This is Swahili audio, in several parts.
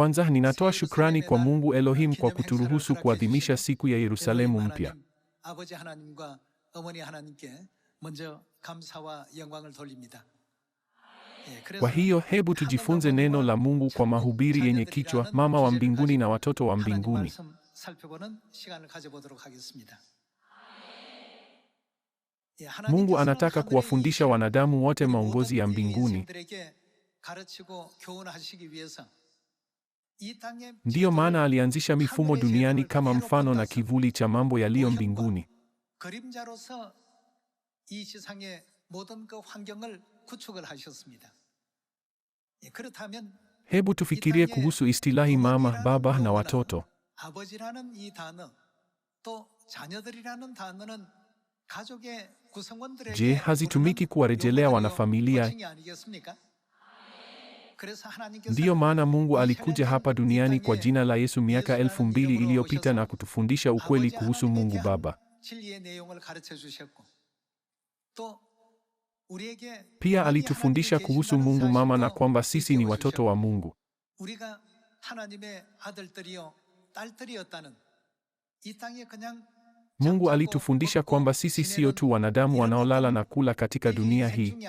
Kwanza ninatoa shukrani kwa Mungu Elohim kwa kuturuhusu kuadhimisha siku ya Yerusalemu mpya. Kwa hiyo hebu tujifunze neno la Mungu kwa mahubiri yenye kichwa Mama wa Mbinguni na Watoto wa Mbinguni. Mungu anataka kuwafundisha wanadamu wote maongozi ya mbinguni. Ndiyo maana alianzisha mifumo duniani kama mfano na kivuli cha mambo yaliyo mbinguni. Hebu tufikirie kuhusu istilahi mama, baba na watoto. Je, hazitumiki kuwarejelea wanafamilia? Ndiyo maana Mungu alikuja hapa duniani kwa jina la Yesu miaka elfu mbili iliyopita na kutufundisha ukweli kuhusu Mungu Baba. Pia alitufundisha kuhusu Mungu Mama na kwamba sisi ni watoto wa Mungu. Mungu alitufundisha kwamba sisi sio tu wanadamu wanaolala na kula katika dunia hii.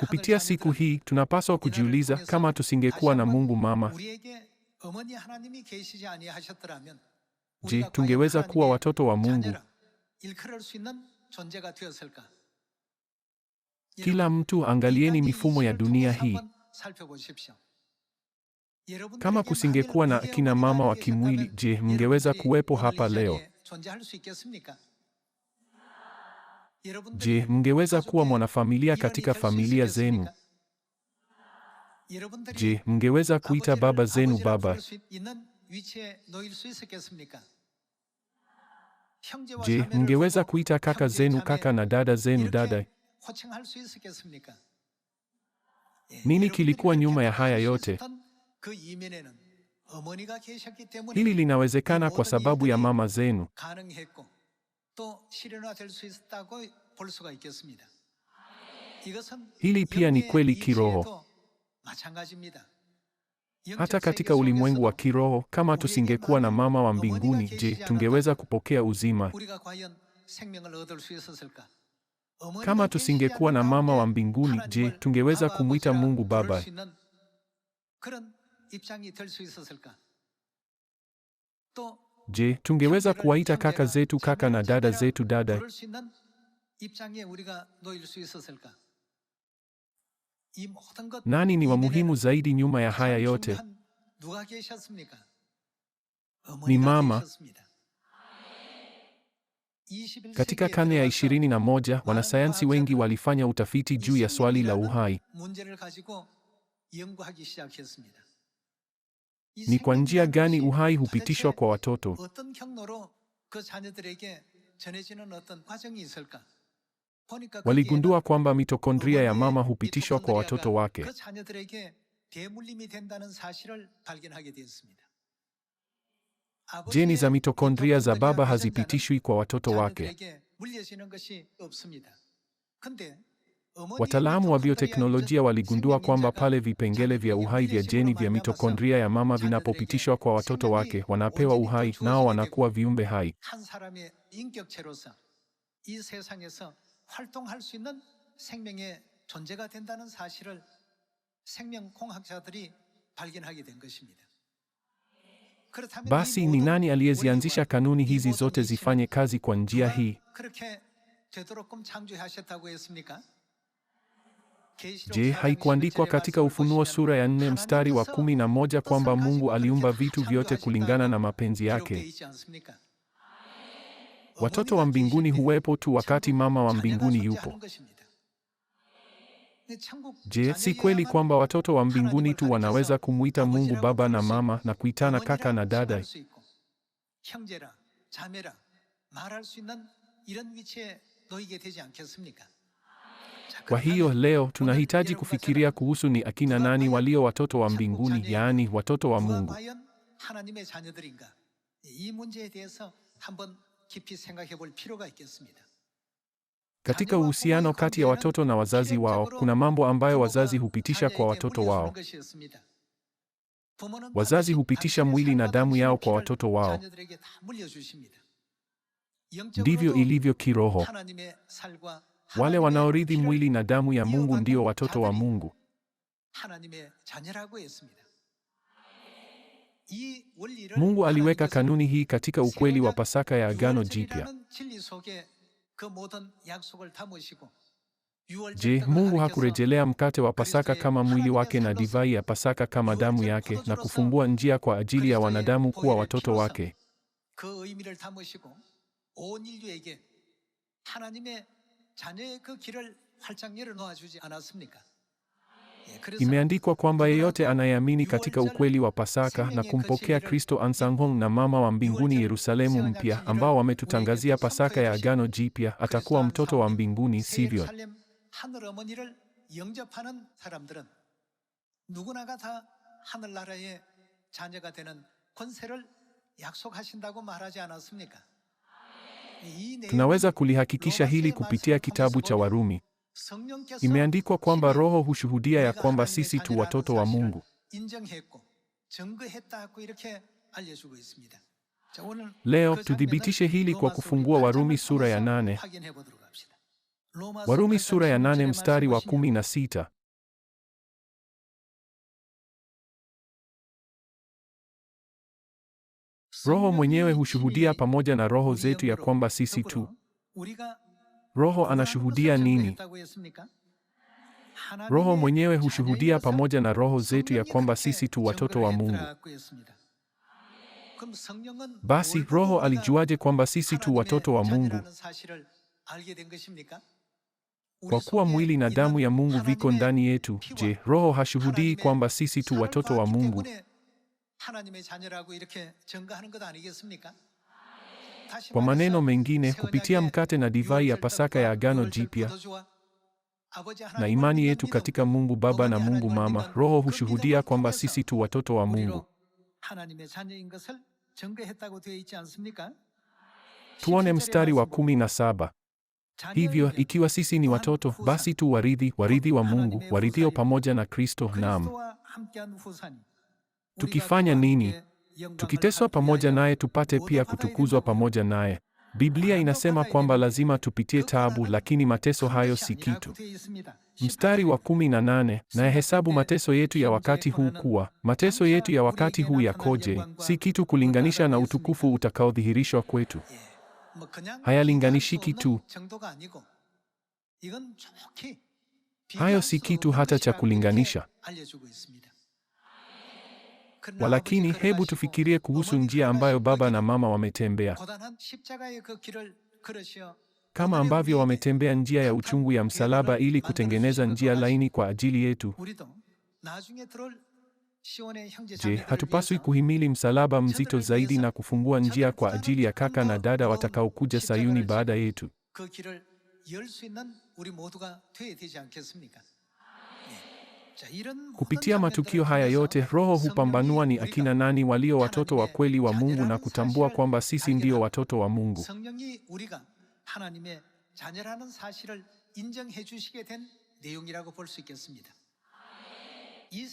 Kupitia siku hii tunapaswa kujiuliza kama tusingekuwa na Mungu Mama, je, tungeweza kuwa watoto wa Mungu? Kila mtu angalieni mifumo ya dunia hii. Kama kusingekuwa na akina mama wa kimwili, je, mngeweza kuwepo hapa leo? Je, mngeweza kuwa mwanafamilia katika familia zenu? Je, mngeweza kuita baba zenu baba? Je, mngeweza kuita kaka zenu kaka na dada zenu dada? Eh, Nini kilikuwa nyuma ya haya yote? Hili linawezekana kwa sababu ya mama zenu. Hili pia ni kweli kiroho. Hata katika ulimwengu wa kiroho, kama tusingekuwa na mama wa mbinguni, je, tungeweza kupokea uzima? Kama tusingekuwa na mama wa mbinguni, je, tungeweza kumwita Mungu Baba? Je, tungeweza kuwaita kaka zetu kaka na dada zetu dada? Nani ni wa muhimu zaidi nyuma ya haya yote? Ni mama. Katika karne ya 21 wanasayansi wengi walifanya utafiti juu ya swali la uhai. Ni kwa njia gani uhai hupitishwa kwa watoto? Waligundua kwamba mitokondria ya mama hupitishwa kwa watoto wake. Jeni za mitokondria za baba hazipitishwi kwa watoto wake. Wataalamu wa bioteknolojia waligundua kwamba pale vipengele vya uhai vya jeni vya mitokondria ya mama vinapopitishwa kwa watoto wake, wanapewa uhai nao wanakuwa viumbe hai. Basi ni nani aliyezianzisha kanuni hizi zote zifanye kazi kwa njia hii? Je, haikuandikwa katika Ufunuo sura ya nne mstari wa kumi na moja kwamba Mungu aliumba vitu vyote kulingana na mapenzi yake? Watoto wa mbinguni huwepo tu wakati mama wa mbinguni yupo. Je, si kweli kwamba watoto wa mbinguni tu wanaweza kumwita Mungu baba na mama na kuitana kaka na dada? Kwa hiyo leo tunahitaji kufikiria kuhusu ni akina nani walio watoto wa mbinguni, yaani watoto wa Mungu. Katika uhusiano kati ya watoto na wazazi wao, kuna mambo ambayo wazazi hupitisha kwa watoto wao. Wazazi hupitisha mwili na damu yao kwa watoto wao. Ndivyo ilivyo kiroho. Wale wanaorithi mwili na damu ya Mungu ndio watoto wa Mungu. Mungu aliweka kanuni hii katika ukweli wa Pasaka ya Agano Jipya. Je, Mungu hakurejelea mkate wa Pasaka kama mwili wake na divai ya Pasaka kama damu yake na kufumbua njia kwa ajili ya wanadamu kuwa watoto wake? 자녀의 그 길을 활짝 열어놓아 주지 않았습니까? Imeandikwa kwamba yeyote anayeamini katika ukweli wa Pasaka na kumpokea Kristo Ahnsahnghong na mama wa mbinguni Yerusalemu mpya ambao wametutangazia Pasaka ya Agano Jipya atakuwa mtoto wa mbinguni, sivyo? Tunaweza kulihakikisha hili kupitia kitabu cha Warumi. Imeandikwa kwamba Roho hushuhudia ya kwamba sisi tu watoto wa Mungu. Leo tuthibitishe hili kwa kufungua Warumi sura ya nane. Warumi sura ya nane mstari wa kumi na sita. Roho mwenyewe hushuhudia pamoja na roho zetu ya kwamba sisi tu. Roho anashuhudia nini? Roho mwenyewe hushuhudia pamoja na roho zetu ya kwamba sisi tu watoto wa Mungu. Basi Roho alijuaje kwamba sisi tu watoto wa Mungu? Kwa kuwa mwili na damu ya Mungu viko ndani yetu, je, Roho hashuhudii kwamba sisi tu watoto wa Mungu? Kwa maneno mengine, kupitia mkate na divai ya Pasaka ya Agano Jipya na imani yetu katika Mungu Baba na Mungu Mama, Roho hushuhudia kwamba sisi tu watoto wa Mungu. Tuone mstari wa kumi na saba. Hivyo ikiwa sisi ni watoto, basi tu warithi, warithi wa Mungu, warithio pamoja na Kristo, naam Tukifanya nini? Tukiteswa pamoja naye tupate pia kutukuzwa pamoja naye. Biblia inasema kwamba lazima tupitie taabu, lakini mateso hayo si kitu. Mstari wa kumi na nane, nayahesabu mateso yetu ya wakati huu kuwa mateso yetu ya wakati huu yakoje, si kitu kulinganisha na utukufu utakaodhihirishwa kwetu. Hayalinganishiki tu, hayo si kitu hata cha kulinganisha. Walakini hebu tufikirie kuhusu njia ambayo baba na mama wametembea. Kama ambavyo wametembea njia ya uchungu ya msalaba ili kutengeneza njia laini kwa ajili yetu. Je, hatupaswi kuhimili msalaba mzito zaidi na kufungua njia kwa ajili ya kaka na dada watakaokuja Sayuni baada yetu? Kupitia matukio haya yote, Roho hupambanua ni akina nani walio watoto wa kweli wa Mungu na kutambua kwamba sisi ndio watoto wa Mungu.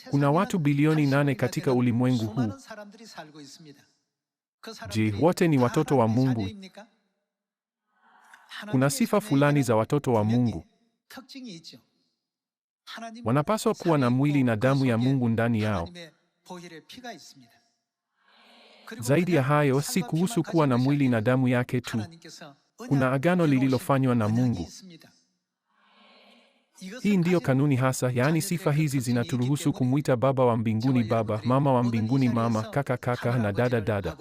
Kuna watu bilioni nane katika ulimwengu huu. Je, wote ni watoto wa Mungu? Kuna sifa fulani za watoto wa Mungu. Wanapaswa kuwa na mwili na damu ya Mungu ndani yao. Zaidi ya hayo, si kuhusu kuwa na mwili na damu yake tu. Kuna agano lililofanywa na Mungu. Hii ndiyo kanuni hasa, yaani sifa hizi zinaturuhusu kumwita Baba wa mbinguni Baba, Mama wa mbinguni Mama, kaka kaka, na dada dada.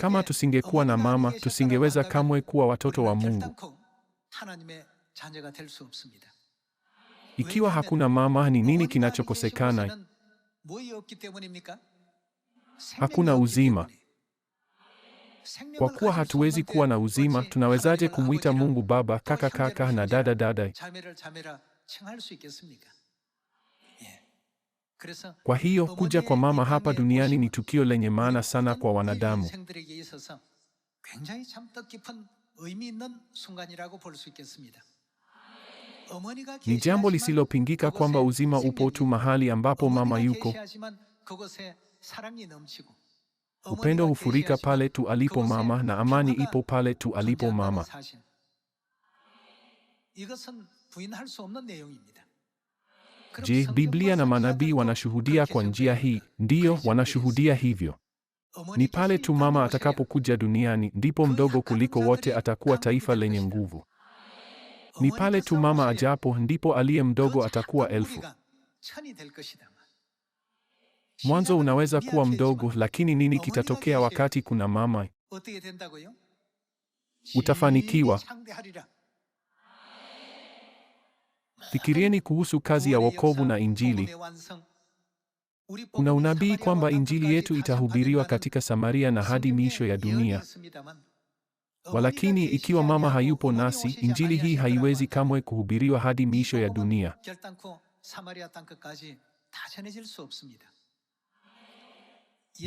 Kama tusingekuwa na mama, tusingeweza kamwe kuwa watoto wa Mungu. Ikiwa hakuna mama, ni nini kinachokosekana? Hakuna uzima. Kwa kuwa hatuwezi kuwa na uzima, tunawezaje kumwita Mungu Baba, kaka kaka na dada dada? Kwa hiyo kuja kwa mama hapa duniani ni tukio lenye maana sana kwa wanadamu. Ni jambo lisilopingika kwamba uzima upo tu mahali ambapo mama yuko. Upendo hufurika pale tu alipo mama na amani ipo pale tu alipo mama. Je, Biblia na manabii wanashuhudia kwa njia hii? Ndiyo, wanashuhudia hivyo. Ni pale tu mama atakapokuja duniani ndipo mdogo kuliko wote atakuwa taifa lenye nguvu. Ni pale tu mama ajapo ndipo aliye mdogo atakuwa elfu. Mwanzo unaweza kuwa mdogo, lakini nini kitatokea wakati kuna mama? Utafanikiwa. Fikirieni kuhusu kazi ya wokovu na Injili. Kuna unabii kwamba Injili yetu itahubiriwa katika Samaria na hadi miisho ya dunia. Walakini ikiwa mama hayupo nasi, Injili hii haiwezi kamwe kuhubiriwa hadi miisho ya dunia.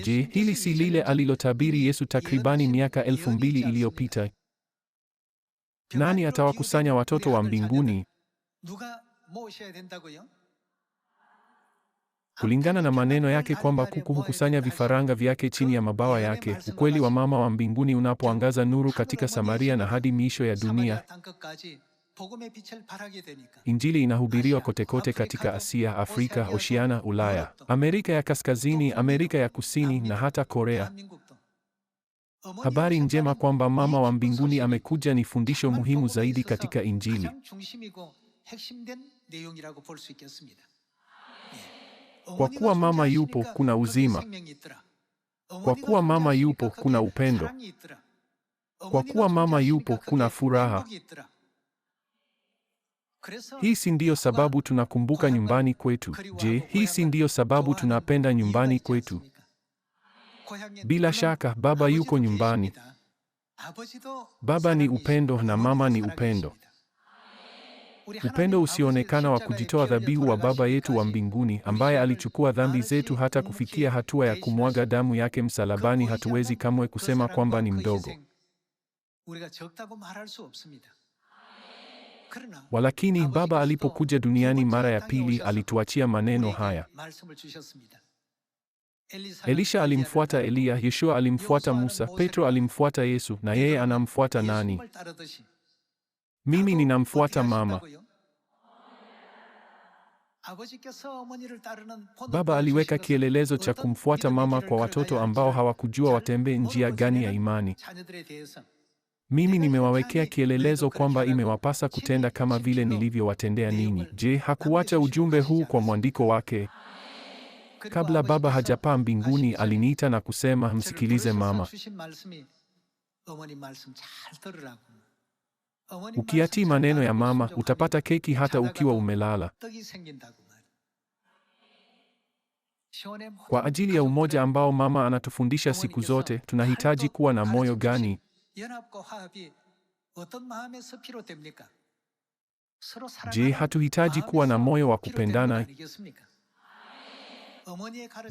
Je, hili si lile alilotabiri Yesu takribani miaka elfu mbili iliyopita? Nani atawakusanya watoto wa mbinguni? Kulingana na maneno yake kwamba kuku hukusanya vifaranga vyake chini ya mabawa yake, ukweli wa mama wa mbinguni unapoangaza nuru katika Samaria na hadi miisho ya dunia. Injili inahubiriwa kotekote katika Asia, Afrika, Oshiana, Ulaya, Amerika ya Kaskazini, Amerika ya Kusini na hata Korea. Habari njema kwamba mama wa mbinguni amekuja ni fundisho muhimu zaidi katika Injili. 핵심된 내용이라고 볼수 있겠습니다. Kwa kuwa mama yupo kuna uzima. Kwa kuwa mama yupo kuna upendo. Kwa kuwa mama yupo kuna furaha. Hii si ndiyo sababu tunakumbuka nyumbani kwetu. Je, hii si ndiyo sababu tunapenda nyumbani kwetu? Bila shaka baba yuko nyumbani. Baba ni upendo na mama ni upendo upendo usioonekana wa kujitoa dhabihu wa Baba yetu wa mbinguni ambaye alichukua dhambi zetu hata kufikia hatua ya kumwaga damu yake msalabani. Hatuwezi kamwe kusema kwamba ni mdogo. Walakini Baba alipokuja duniani mara ya pili, alituachia maneno haya. Elisha alimfuata Eliya, Yeshua alimfuata Musa, Petro alimfuata Yesu, na yeye anamfuata nani? Mimi ninamfuata mama. Baba aliweka kielelezo cha kumfuata mama kwa watoto ambao hawakujua watembee njia gani ya imani. Mimi nimewawekea kielelezo kwamba imewapasa kutenda kama vile nilivyowatendea ninyi. Je, hakuacha ujumbe huu kwa mwandiko wake? Kabla baba hajapaa mbinguni, aliniita na kusema, msikilize mama. Ukiatii maneno ya mama, utapata keki hata ukiwa umelala. Kwa ajili ya umoja ambao mama anatufundisha siku zote, tunahitaji kuwa na moyo gani? Je, hatuhitaji kuwa na moyo wa kupendana?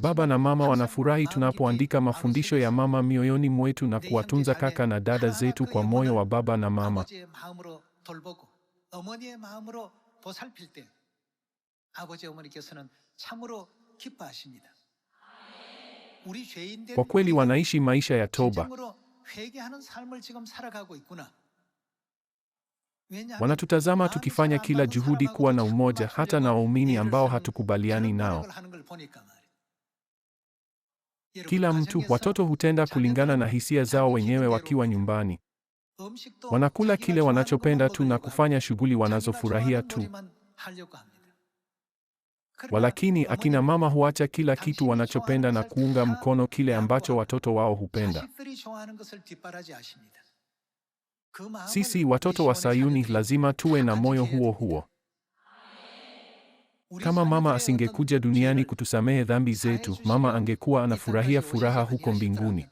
Baba na mama wanafurahi tunapoandika mafundisho ya mama mioyoni mwetu na kuwatunza kaka na dada zetu kwa moyo wa baba na mama. Kwa kweli wanaishi maisha ya toba. Wanatutazama tukifanya kila juhudi kuwa na umoja, hata na waumini ambao hatukubaliani nao. Kila mtu, watoto hutenda kulingana na hisia zao wenyewe wakiwa nyumbani. Wanakula kile wanachopenda tu na kufanya shughuli wanazofurahia tu. Walakini akina mama huacha kila kitu wanachopenda na kuunga mkono kile ambacho watoto wao hupenda. Sisi watoto wa Sayuni lazima tuwe na moyo huo huo. Kama mama asingekuja duniani kutusamehe dhambi zetu, mama angekuwa anafurahia furaha huko mbinguni.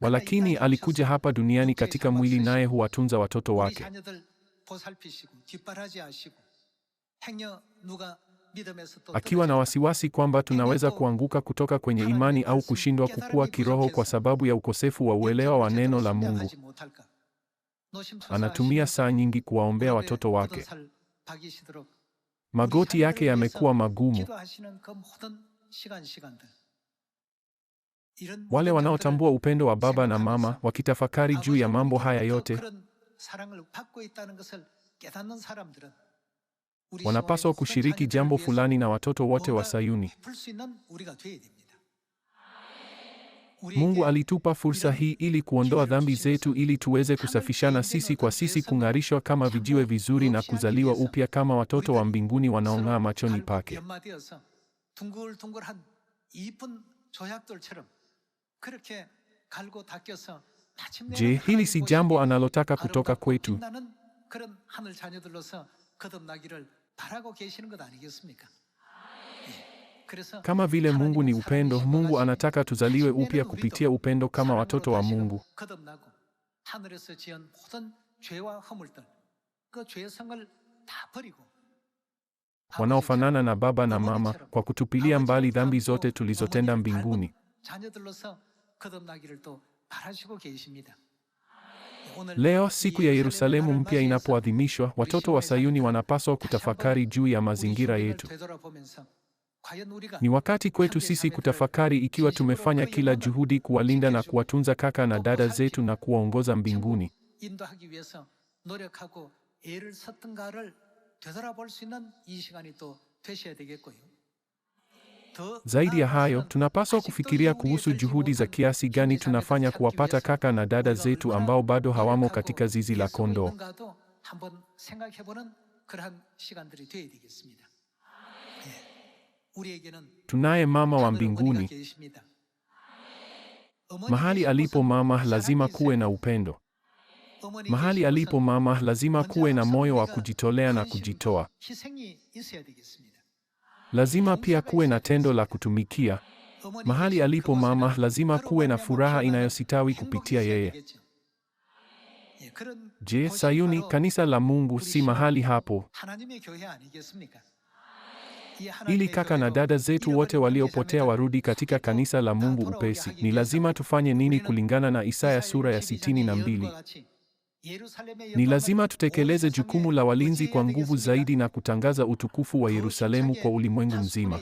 Walakini alikuja hapa duniani katika mwili, naye huwatunza watoto wake akiwa na wasiwasi kwamba tunaweza kuanguka kutoka kwenye imani au kushindwa kukua kiroho kwa sababu ya ukosefu wa uelewa wa neno la Mungu. Anatumia saa nyingi kuwaombea watoto wake. Magoti yake yamekuwa magumu. Wale wanaotambua upendo wa baba na mama wakitafakari juu ya mambo haya yote wanapaswa kushiriki jambo fulani na watoto wote wa Sayuni. Mungu alitupa fursa hii ili kuondoa dhambi zetu ili tuweze kusafishana sisi kwa sisi, kung'arishwa kama vijiwe vizuri na kuzaliwa upya kama watoto wa mbinguni wanaong'aa machoni pake. Je, hili si jambo analotaka kutoka kwetu? Kama vile Mungu ni upendo, Mungu anataka tuzaliwe upya kupitia upendo kama watoto wa Mungu. Wanaofanana na baba na mama kwa kutupilia mbali dhambi zote tulizotenda mbinguni. Leo siku ya Yerusalemu mpya inapoadhimishwa, watoto wa Sayuni wanapaswa kutafakari juu ya mazingira yetu. Ni wakati kwetu sisi kutafakari ikiwa tumefanya kila juhudi kuwalinda na kuwatunza kaka na dada zetu na kuwaongoza mbinguni. Zaidi ya hayo, tunapaswa kufikiria kuhusu juhudi za kiasi gani tunafanya kuwapata kaka na dada zetu ambao bado hawamo katika zizi la kondoo. Tunaye Mama wa mbinguni. Mahali alipo Mama lazima kuwe na upendo. Mahali alipo Mama lazima kuwe na moyo wa kujitolea na kujitoa. Lazima pia kuwe na tendo la kutumikia. Mahali alipo mama, lazima kuwe na furaha inayositawi kupitia yeye. Je, Sayuni, kanisa la Mungu, si mahali hapo ili kaka na dada zetu wote waliopotea warudi katika kanisa la Mungu upesi? Ni lazima tufanye nini kulingana na Isaya sura ya sitini na mbili? Ni lazima tutekeleze jukumu la walinzi kwa nguvu zaidi na kutangaza utukufu wa Yerusalemu kwa ulimwengu mzima.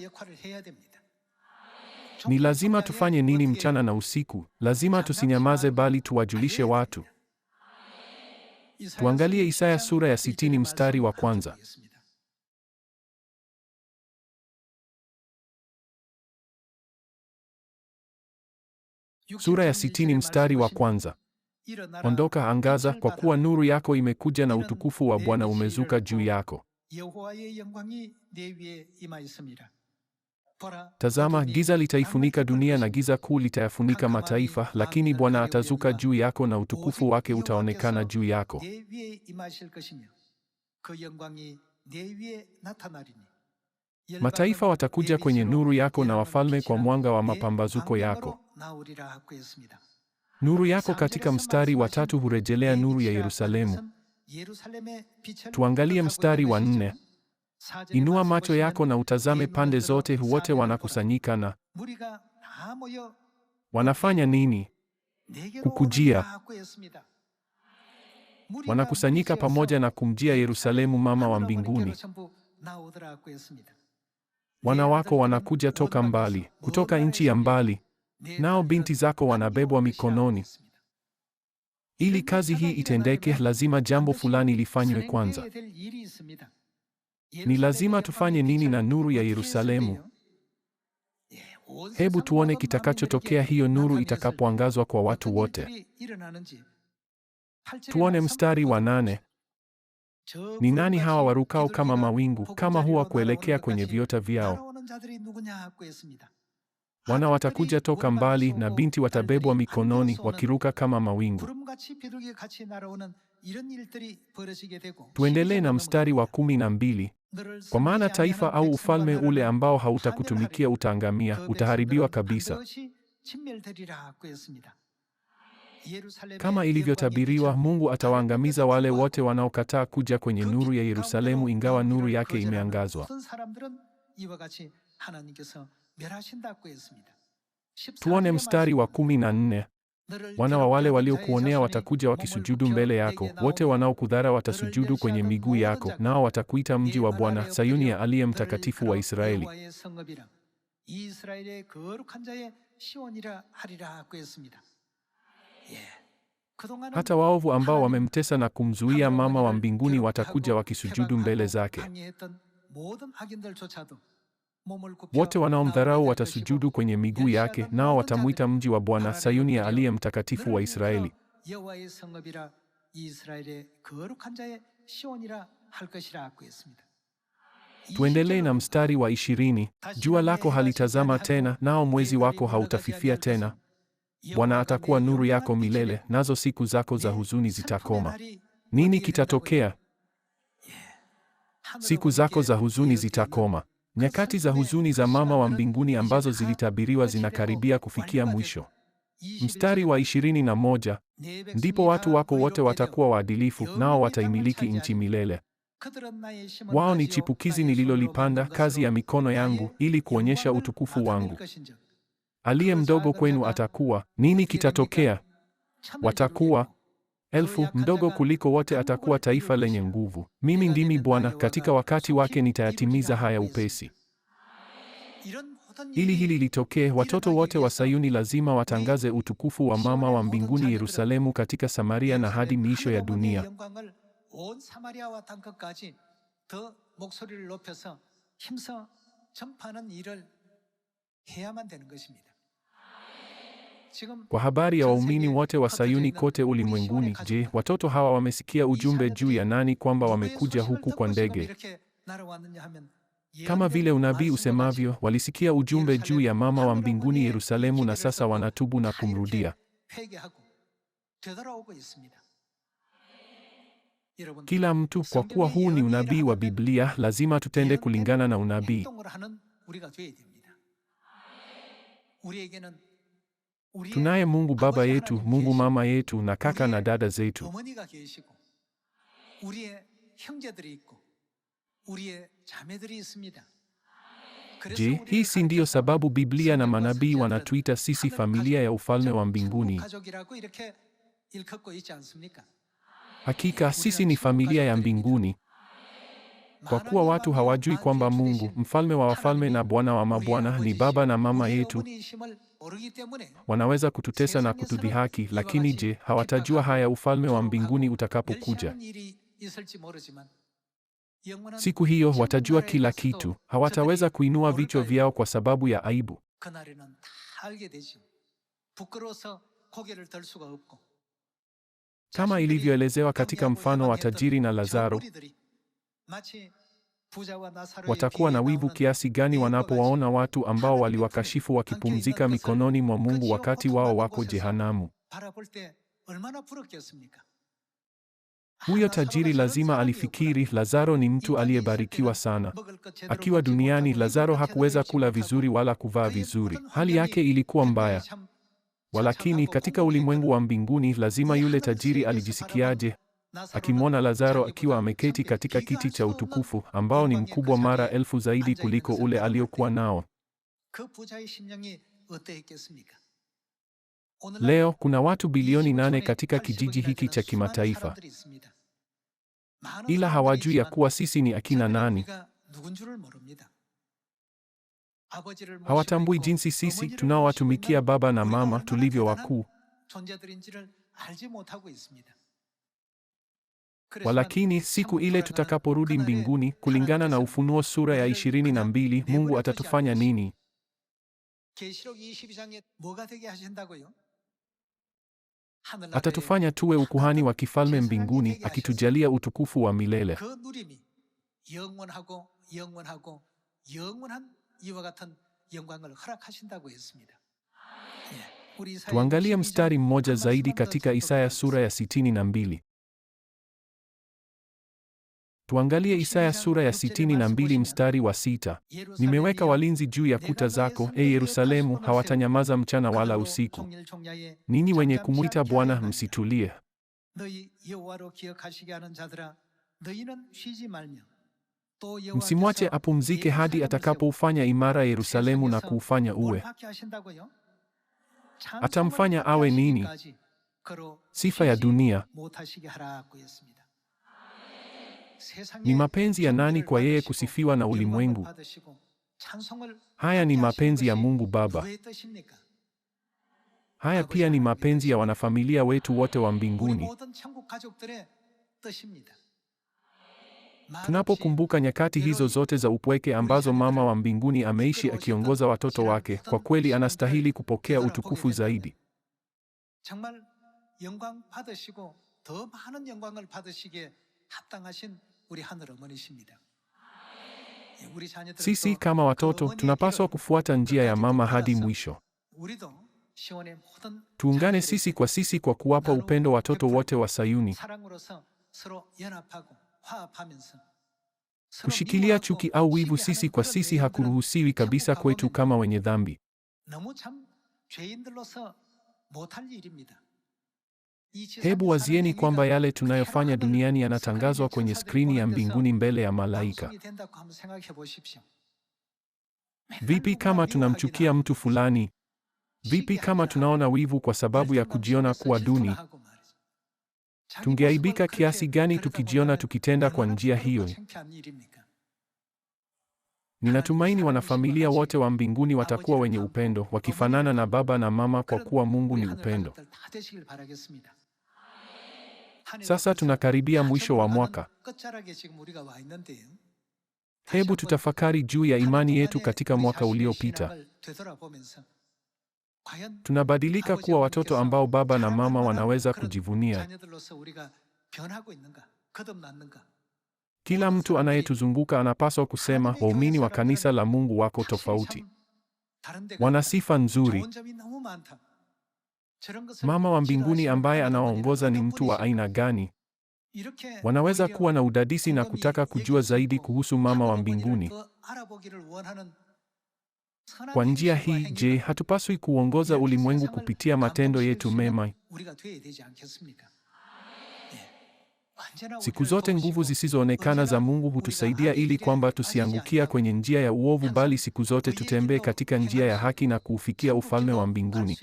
Ni lazima tufanye nini mchana na usiku? Lazima tusinyamaze bali tuwajulishe watu. Tuangalie Isaya sura ya sitini mstari wa kwanza. Sura ya sitini mstari wa kwanza. Ondoka, angaza, kwa kuwa nuru yako imekuja na utukufu wa Bwana umezuka juu yako. Tazama, giza litaifunika dunia na giza kuu litayafunika mataifa, lakini Bwana atazuka juu yako na utukufu wake utaonekana juu yako. Mataifa watakuja kwenye nuru yako na wafalme kwa mwanga wa mapambazuko yako. Nuru yako katika mstari wa tatu hurejelea nuru ya Yerusalemu. Tuangalie mstari wa nne. Inua macho yako na utazame pande zote, wote wanakusanyika na wanafanya nini? Kukujia. Wanakusanyika pamoja na kumjia Yerusalemu, mama wa mbinguni. wanawako wanakuja toka mbali, kutoka nchi ya mbali nao binti zako wanabebwa mikononi. Ili kazi hii itendeke, lazima jambo fulani lifanywe kwanza. Ni lazima tufanye nini na nuru ya Yerusalemu? Hebu tuone kitakachotokea hiyo nuru itakapoangazwa kwa watu wote. Tuone mstari wa nane. Ni nani hawa warukao kama mawingu, kama huwa kuelekea kwenye viota vyao? Wana watakuja toka mbali na binti watabebwa mikononi wakiruka kama mawingu. Tuendelee na mstari wa kumi na mbili. Kwa maana taifa au ufalme ule ambao hautakutumikia utaangamia, utaharibiwa kabisa. Kama ilivyotabiriwa, Mungu atawaangamiza wale wote wanaokataa kuja kwenye nuru ya Yerusalemu, ingawa nuru yake imeangazwa. Tuone mstari wa kumi na nne. Wana wa wale waliokuonea watakuja wakisujudu mbele yako, wote wanaokudhara watasujudu kwenye miguu yako, nao watakuita mji wa Bwana, Sayuni ya aliye mtakatifu wa Israeli. Hata waovu ambao wamemtesa na kumzuia Mama wa mbinguni watakuja wakisujudu mbele zake. Wote wanaomdharau watasujudu kwenye miguu yake, nao watamwita mji wa Bwana Sayuni ya aliye mtakatifu wa Israeli. Tuendelee na mstari wa ishirini. Jua lako halitazama tena, nao mwezi wako hautafifia tena. Bwana atakuwa nuru yako milele, nazo siku zako za huzuni zitakoma. Nini kitatokea? Siku zako za huzuni zitakoma. Nyakati za huzuni za mama wa mbinguni ambazo zilitabiriwa zinakaribia kufikia mwisho. Mstari wa ishirini na moja, ndipo watu wako wote watakuwa waadilifu, nao wataimiliki nchi milele. Wao ni chipukizi nililolipanda, kazi ya mikono yangu, ili kuonyesha utukufu wangu. Aliye mdogo kwenu atakuwa nini? Kitatokea, watakuwa elfu mdogo kuliko wote atakuwa taifa lenye nguvu. Mimi ndimi Bwana, katika wakati wake nitayatimiza haya upesi. Ili hili litokee, watoto wote wa Sayuni lazima watangaze utukufu wa Mama wa mbinguni Yerusalemu katika Samaria na hadi miisho ya dunia. Kwa habari ya waumini wote wa Sayuni kote ulimwenguni, je, watoto hawa wamesikia ujumbe juu ya nani kwamba wamekuja huku kwa ndege? Kama vile unabii usemavyo, walisikia ujumbe juu ya mama wa mbinguni Yerusalemu na sasa wanatubu na kumrudia. Kila mtu, kwa kuwa huu ni unabii wa Biblia, lazima tutende kulingana na unabii. Tunaye Mungu Baba yetu, Mungu Mama yetu na kaka na dada zetu. Je, hii si ndiyo sababu Biblia na manabii wanatuita sisi familia ya ufalme wa mbinguni? Hakika sisi ni familia ya mbinguni. Kwa kuwa watu hawajui kwamba Mungu, mfalme wa wafalme na Bwana wa mabwana, ni Baba na Mama yetu. Wanaweza kututesa na kutudhihaki, lakini je, hawatajua haya ufalme wa mbinguni utakapokuja? Siku hiyo watajua kila kitu, hawataweza kuinua vichwa vyao kwa sababu ya aibu. Kama ilivyoelezewa katika mfano wa tajiri na Lazaro. Watakuwa na wivu kiasi gani wanapowaona watu ambao waliwakashifu wakipumzika mikononi mwa Mungu wakati wao wako jehanamu. Huyo tajiri lazima alifikiri Lazaro ni mtu aliyebarikiwa sana. Akiwa duniani, Lazaro hakuweza kula vizuri wala kuvaa vizuri. Hali yake ilikuwa mbaya. Walakini katika ulimwengu wa mbinguni lazima yule tajiri alijisikiaje? akimwona Lazaro akiwa ameketi katika kiti cha utukufu ambao ni mkubwa mara elfu zaidi kuliko ule aliokuwa nao. Leo kuna watu bilioni nane katika kijiji hiki cha kimataifa, ila hawajui ya kuwa sisi ni akina nani. Hawatambui jinsi sisi tunaowatumikia Baba na Mama tulivyo wakuu. Walakini siku ile tutakaporudi mbinguni, kulingana na Ufunuo sura ya 22, Mungu atatufanya nini? Atatufanya tuwe ukuhani wa kifalme mbinguni, akitujalia utukufu wa milele. Tuangalie mstari mmoja zaidi katika Isaya sura ya 62. Tuangalie Isaya sura ya sitini na mbili mstari wa sita. Nimeweka walinzi juu ya kuta zako, e Yerusalemu, hawatanyamaza mchana wala usiku. Ninyi wenye kumwita Bwana msitulie. Msimwache apumzike hadi atakapoufanya imara Yerusalemu na kuufanya uwe. Atamfanya awe nini? Sifa ya dunia. Ni mapenzi ya nani kwa yeye kusifiwa na ulimwengu? Haya ni mapenzi ya Mungu Baba. Haya pia ni mapenzi ya wanafamilia wetu wote wa mbinguni. Tunapokumbuka nyakati hizo zote za upweke ambazo Mama wa mbinguni ameishi akiongoza watoto wake, kwa kweli anastahili kupokea utukufu zaidi. Sisi kama watoto tunapaswa kufuata njia ya mama hadi mwisho. Tuungane sisi kwa sisi kwa kuwapa upendo watoto wote wa Sayuni. Kushikilia chuki au wivu sisi kwa sisi hakuruhusiwi kabisa kwetu kama wenye dhambi. Hebu wazieni kwamba yale tunayofanya duniani yanatangazwa kwenye skrini ya mbinguni mbele ya malaika. Vipi kama tunamchukia mtu fulani? Vipi kama tunaona wivu kwa sababu ya kujiona kuwa duni? Tungeaibika kiasi gani tukijiona tukitenda kwa njia hiyo? Ninatumaini wanafamilia wote wa mbinguni watakuwa wenye upendo, wakifanana na Baba na Mama, kwa kuwa Mungu ni upendo. Sasa tunakaribia mwisho wa mwaka. Hebu tutafakari juu ya imani yetu katika mwaka uliopita. Tunabadilika kuwa watoto ambao baba na mama wanaweza kujivunia. Kila mtu anayetuzunguka anapaswa kusema, waumini wa kanisa la Mungu wako tofauti, wana sifa nzuri. Mama wa mbinguni ambaye anaongoza ni mtu wa aina gani? Wanaweza kuwa na udadisi na kutaka kujua zaidi kuhusu mama wa mbinguni. Kwa njia hii, je, hatupaswi kuongoza ulimwengu kupitia matendo yetu mema? Siku zote nguvu zisizoonekana za Mungu hutusaidia ili kwamba tusiangukia kwenye njia ya uovu, bali siku zote tutembee katika njia ya haki na kuufikia ufalme wa mbinguni.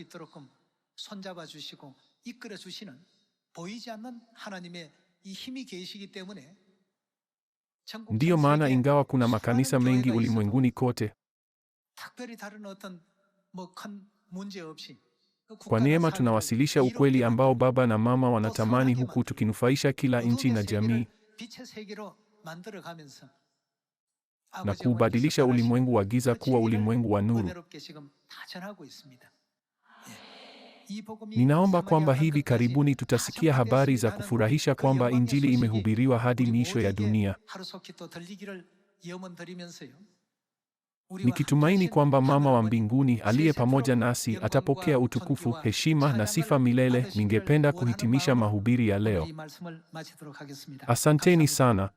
손잡아 주시고 이끌어 주시는 보이지 않는 하나님의 이 힘이 계시기 때문에 Ndiyo maana ingawa kuna makanisa mengi ulimwenguni kote, kwa neema tunawasilisha ukweli ambao baba na mama wanatamani, huku tukinufaisha kila nchi na jamii na kuubadilisha ulimwengu wa giza kuwa ulimwengu wa nuru. Ninaomba kwamba hivi karibuni tutasikia habari za kufurahisha kwamba Injili imehubiriwa hadi miisho ya dunia. Nikitumaini kwamba Mama wa mbinguni aliye pamoja nasi atapokea utukufu, heshima na sifa milele. Ningependa kuhitimisha mahubiri ya leo. Asanteni sana.